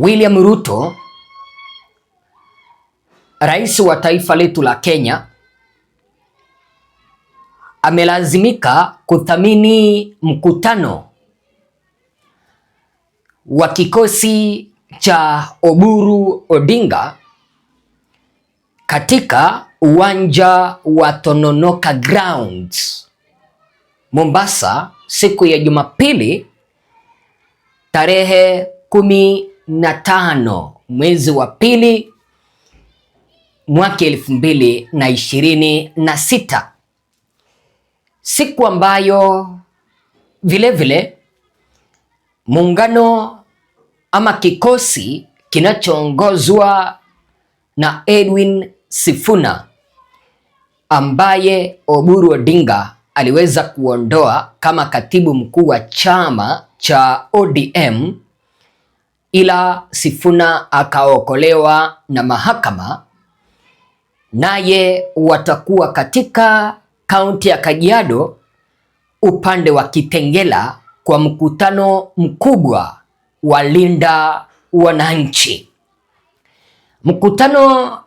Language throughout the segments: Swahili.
William Ruto, rais wa taifa letu la Kenya, amelazimika kuthamini mkutano wa kikosi cha Oburu Odinga katika uwanja wa Tononoka Grounds Mombasa siku ya Jumapili tarehe kumi na tano mwezi wa pili mwaka elfu mbili na ishirini na sita siku ambayo vilevile muungano ama kikosi kinachoongozwa na Edwin Sifuna ambaye Oburu Odinga aliweza kuondoa kama katibu mkuu wa chama cha ODM ila Sifuna akaokolewa na mahakama, naye watakuwa katika kaunti ya Kajiado upande wa Kitengela kwa mkutano mkubwa wa Linda Wananchi. Mkutano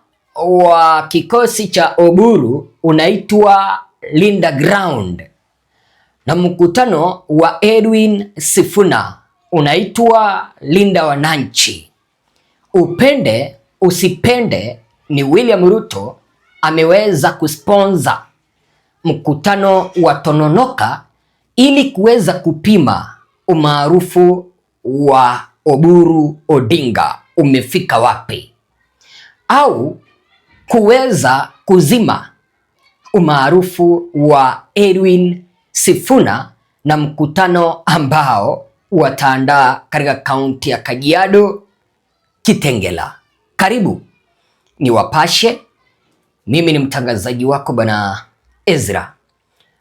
wa kikosi cha Oburu unaitwa Linda Ground na mkutano wa Edwin Sifuna unaitwa Linda Wananchi. Upende usipende, ni William Ruto ameweza kusponza mkutano wa Tononoka ili kuweza kupima umaarufu wa Oburu Odinga umefika wapi, au kuweza kuzima umaarufu wa Edwin Sifuna na mkutano ambao wataandaa katika kaunti ya Kajiado Kitengela. Karibu ni Wapashe, mimi ni mtangazaji wako bwana Ezra.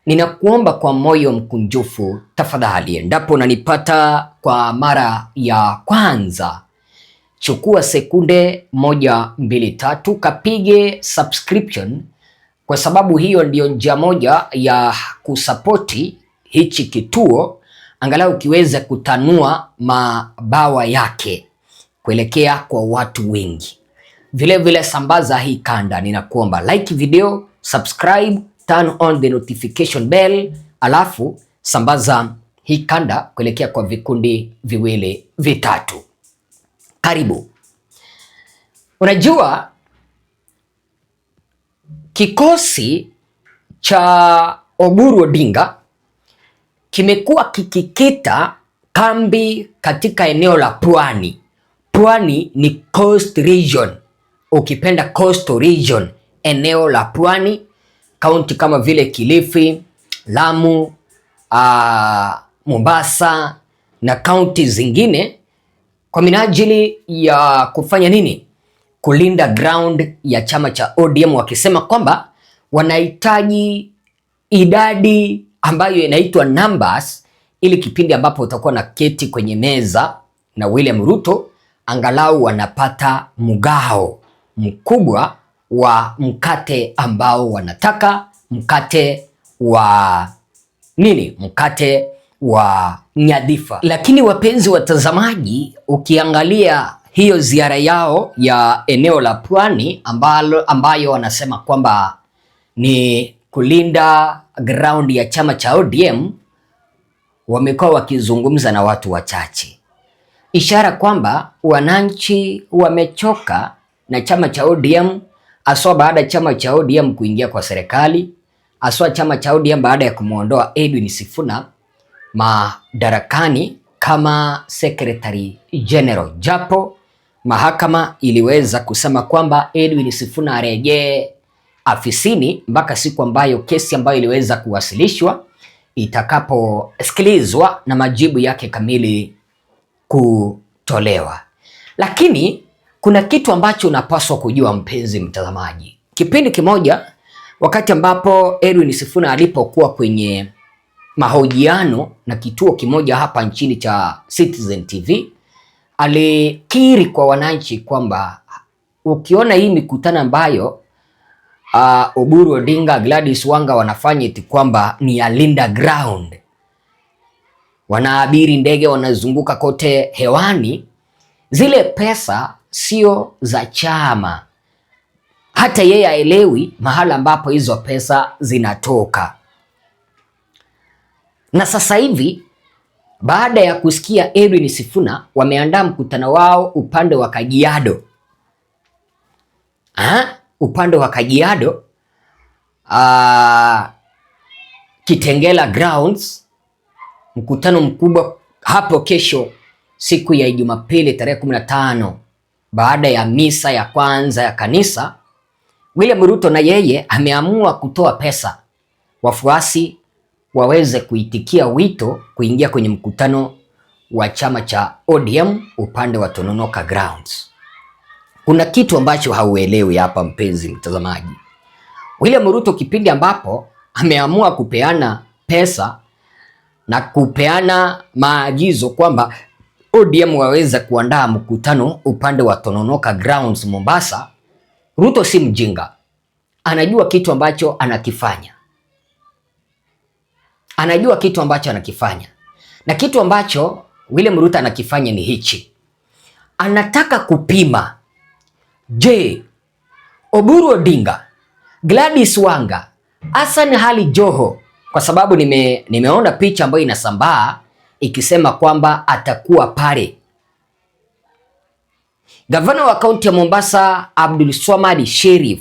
Ninakuomba kwa moyo mkunjufu tafadhali, endapo unanipata kwa mara ya kwanza, chukua sekunde moja mbili tatu, kapige subscription, kwa sababu hiyo ndiyo njia moja ya kusapoti hichi kituo angalau ukiweza kutanua mabawa yake kuelekea kwa watu wengi. Vilevile vile sambaza hii kanda, ninakuomba like video, subscribe, turn on the notification bell, alafu sambaza hii kanda kuelekea kwa vikundi viwili vitatu. Karibu. Unajua kikosi cha Oburu Odinga kimekuwa kikikita kambi katika eneo la pwani. Pwani ni coast region, ukipenda coast region, eneo la pwani, kaunti kama vile Kilifi, Lamu, aa, ah, Mombasa na kaunti zingine kwa minajili ya kufanya nini? Kulinda ground ya chama cha ODM, wakisema kwamba wanahitaji idadi ambayo inaitwa Numbers, ili kipindi ambapo utakuwa na keti kwenye meza na William Ruto, angalau wanapata mgao mkubwa wa mkate ambao wanataka, mkate wa nini? Mkate wa nyadhifa. Lakini wapenzi watazamaji, ukiangalia hiyo ziara yao ya eneo la pwani ambayo wanasema kwamba ni kulinda ground ya chama cha ODM wamekuwa wakizungumza na watu wachache, ishara kwamba wananchi wamechoka na chama cha ODM, aswa baada ya chama cha ODM kuingia kwa serikali, aswa chama cha ODM baada ya kumwondoa Edwin Sifuna madarakani kama Secretary General, japo mahakama iliweza kusema kwamba Edwin Sifuna arejee afisini mpaka siku ambayo kesi ambayo iliweza kuwasilishwa itakaposikilizwa na majibu yake kamili kutolewa. Lakini kuna kitu ambacho unapaswa kujua, mpenzi mtazamaji. Kipindi kimoja, wakati ambapo Edwin Sifuna alipokuwa kwenye mahojiano na kituo kimoja hapa nchini cha Citizen TV, alikiri kwa wananchi kwamba ukiona hii mikutano ambayo uh, Oburu Odinga, Gladys Wanga wanafanya eti kwamba ni Linda ground, wanaabiri ndege wanazunguka kote hewani. Zile pesa sio za chama, hata yeye aelewi mahala ambapo hizo pesa zinatoka. Na sasa hivi baada ya kusikia Edwin Sifuna wameandaa mkutano wao upande wa Kajiado ha? Ah? upande wa Kajiado uh, Kitengela Grounds, mkutano mkubwa hapo kesho siku ya Jumapili tarehe 15 baada ya misa ya kwanza ya kanisa. William Ruto na yeye ameamua kutoa pesa wafuasi waweze kuitikia wito kuingia kwenye mkutano wa chama cha ODM upande wa Tononoka Grounds. Kuna kitu ambacho hauelewi hapa, mpenzi mtazamaji. William Ruto kipindi ambapo ameamua kupeana pesa na kupeana maagizo kwamba ODM waweza kuandaa mkutano upande wa Tononoka Grounds Mombasa, Ruto si mjinga, anajua kitu ambacho anakifanya, anajua kitu ambacho anakifanya, na kitu ambacho William Ruto anakifanya ni hichi, anataka kupima Je, Oburu Odinga, Gladys Wanga, Hassan Hali Joho, kwa sababu nime, nimeona picha ambayo inasambaa ikisema kwamba atakuwa pale. Gavana wa kaunti ya Mombasa Abdul Swamad Sherif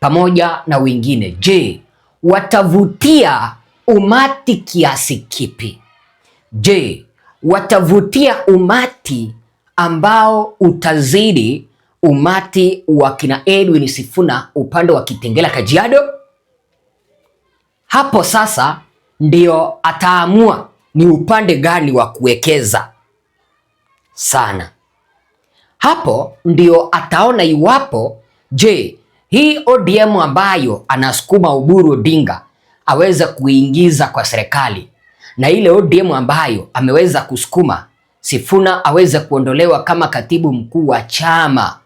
pamoja na wengine, je, watavutia umati kiasi kipi? Je, watavutia umati ambao utazidi umati wa kina Edwin Sifuna upande wa Kitengela Kajiado, hapo sasa ndio ataamua ni upande gani wa kuwekeza sana. Hapo ndio ataona iwapo je, hii ODM ambayo anasukuma Uburu Odinga aweza kuingiza kwa serikali na ile ODM ambayo ameweza kusukuma Sifuna aweze kuondolewa kama katibu mkuu wa chama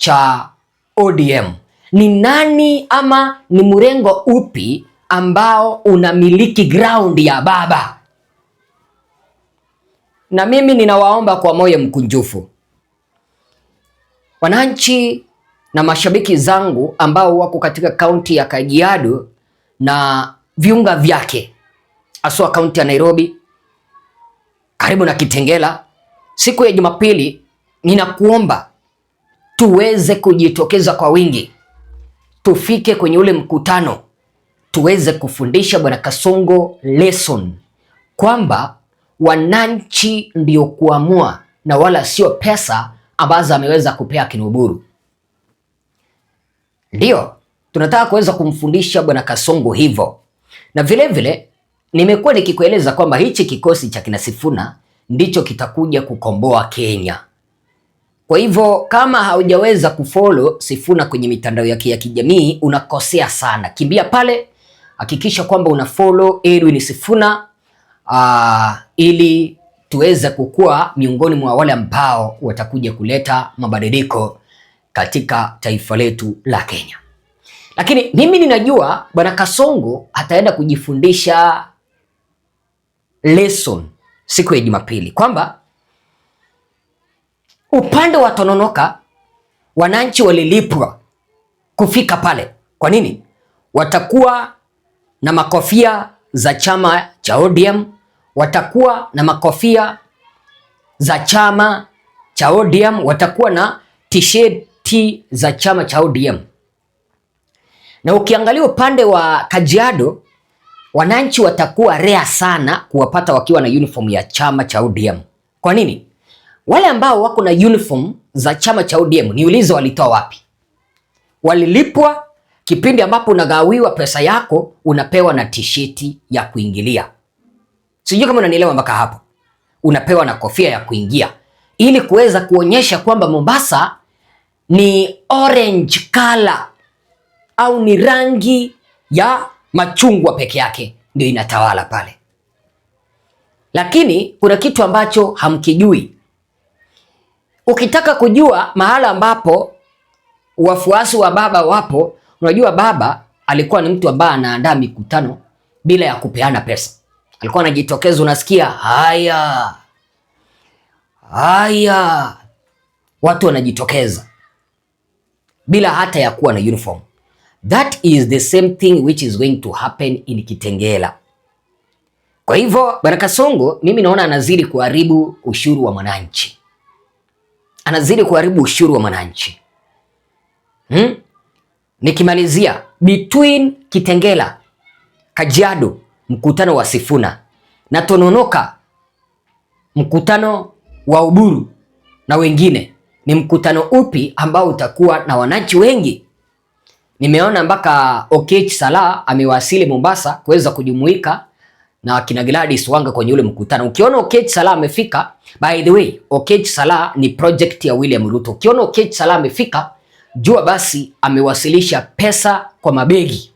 cha ODM. Ni nani ama ni mrengo upi ambao unamiliki ground ya baba? Na mimi ninawaomba kwa moyo mkunjufu wananchi na mashabiki zangu ambao wako katika kaunti ya Kajiado na viunga vyake, aswa kaunti ya Nairobi karibu na Kitengela, siku ya Jumapili ninakuomba tuweze kujitokeza kwa wingi, tufike kwenye ule mkutano, tuweze kufundisha Bwana Kasongo lesson kwamba wananchi ndio kuamua na wala sio pesa ambazo ameweza kupea Kinuburu. Ndiyo tunataka kuweza kumfundisha Bwana Kasongo hivyo, na vilevile nimekuwa nikikueleza kwamba hichi kikosi cha kina Sifuna ndicho kitakuja kukomboa Kenya. Kwa hivyo kama haujaweza kufollow Sifuna kwenye mitandao yake ya kijamii unakosea sana. Kimbia pale, hakikisha kwamba unafollow Edwin Sifuna aa, ah, ili tuweze kukua miongoni mwa wale ambao watakuja kuleta mabadiliko katika taifa letu la Kenya. Lakini mimi ninajua Bwana Kasongo ataenda kujifundisha lesson siku ya Jumapili kwamba Upande wa Tononoka wananchi walilipwa kufika pale. Kwa nini? Watakuwa na makofia za chama cha ODM, watakuwa na makofia za chama cha ODM, watakuwa na tisheti za chama cha ODM. Na ukiangalia upande wa Kajiado wananchi watakuwa rea sana kuwapata wakiwa na uniform ya chama cha ODM. Kwa nini? Wale ambao wako na uniform za chama cha ODM niulize, walitoa wapi? Walilipwa kipindi ambapo unagawiwa pesa yako, unapewa na tisheti ya kuingilia. Sijui kama unanielewa mpaka hapo. Unapewa na kofia ya kuingia ili kuweza kuonyesha kwamba Mombasa ni orange color au ni rangi ya machungwa peke yake ndio inatawala pale, lakini kuna kitu ambacho hamkijui Ukitaka kujua mahala ambapo wafuasi wa baba wapo, unajua baba alikuwa ni mtu ambaye anaandaa mikutano bila ya kupeana pesa. Alikuwa anajitokeza, unasikia haya haya, watu wanajitokeza bila hata ya kuwa na uniform. That is the same thing which is going to happen in Kitengela. Kwa hivyo Bwana Kasongo, mimi naona anazidi kuharibu ushuru wa mwananchi anazidi kuharibu ushuru wa mwananchi hmm? Nikimalizia between Kitengela Kajiado, mkutano wa Sifuna na Tononoka, mkutano wa Uburu na wengine, ni mkutano upi ambao utakuwa na wananchi wengi? Nimeona mpaka Okech Sala amewasili Mombasa kuweza kujumuika na akina Gladys Wanga kwenye ule mkutano. Ukiona Okech Sala amefika, by the way, Okech Sala ni project ya William Ruto. Ukiona Okech Sala amefika, jua basi amewasilisha pesa kwa mabegi.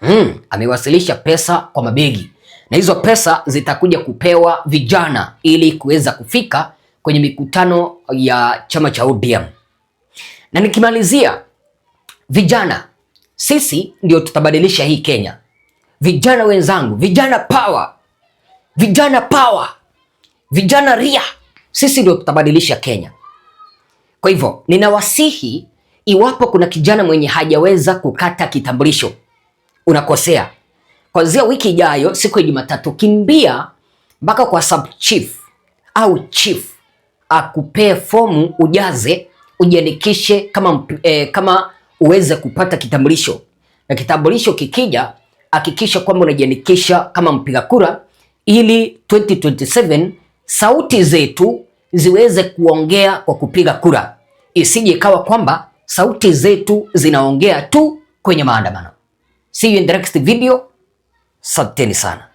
Hmm, amewasilisha pesa kwa mabegi na hizo pesa zitakuja kupewa vijana ili kuweza kufika kwenye mikutano ya chama cha ODM. Na nikimalizia, vijana sisi ndio tutabadilisha hii Kenya. Vijana wenzangu, vijana power, vijana power, vijana ria, sisi ndio tutabadilisha Kenya. Kwa hivyo ninawasihi, iwapo kuna kijana mwenye hajaweza kukata kitambulisho, unakosea. kwanzia wiki ijayo, siku ya Jumatatu, kimbia mpaka kwa sub chief au chief akupee fomu ujaze, ujiandikishe kama, eh, kama uweze kupata kitambulisho, na kitambulisho kikija hakikisha kwamba unajiandikisha kama mpiga kura ili 2027 sauti zetu ziweze kuongea kwa kupiga kura, isije ikawa kwamba sauti zetu zinaongea tu kwenye maandamano. See you in the next video. Asanteni sana.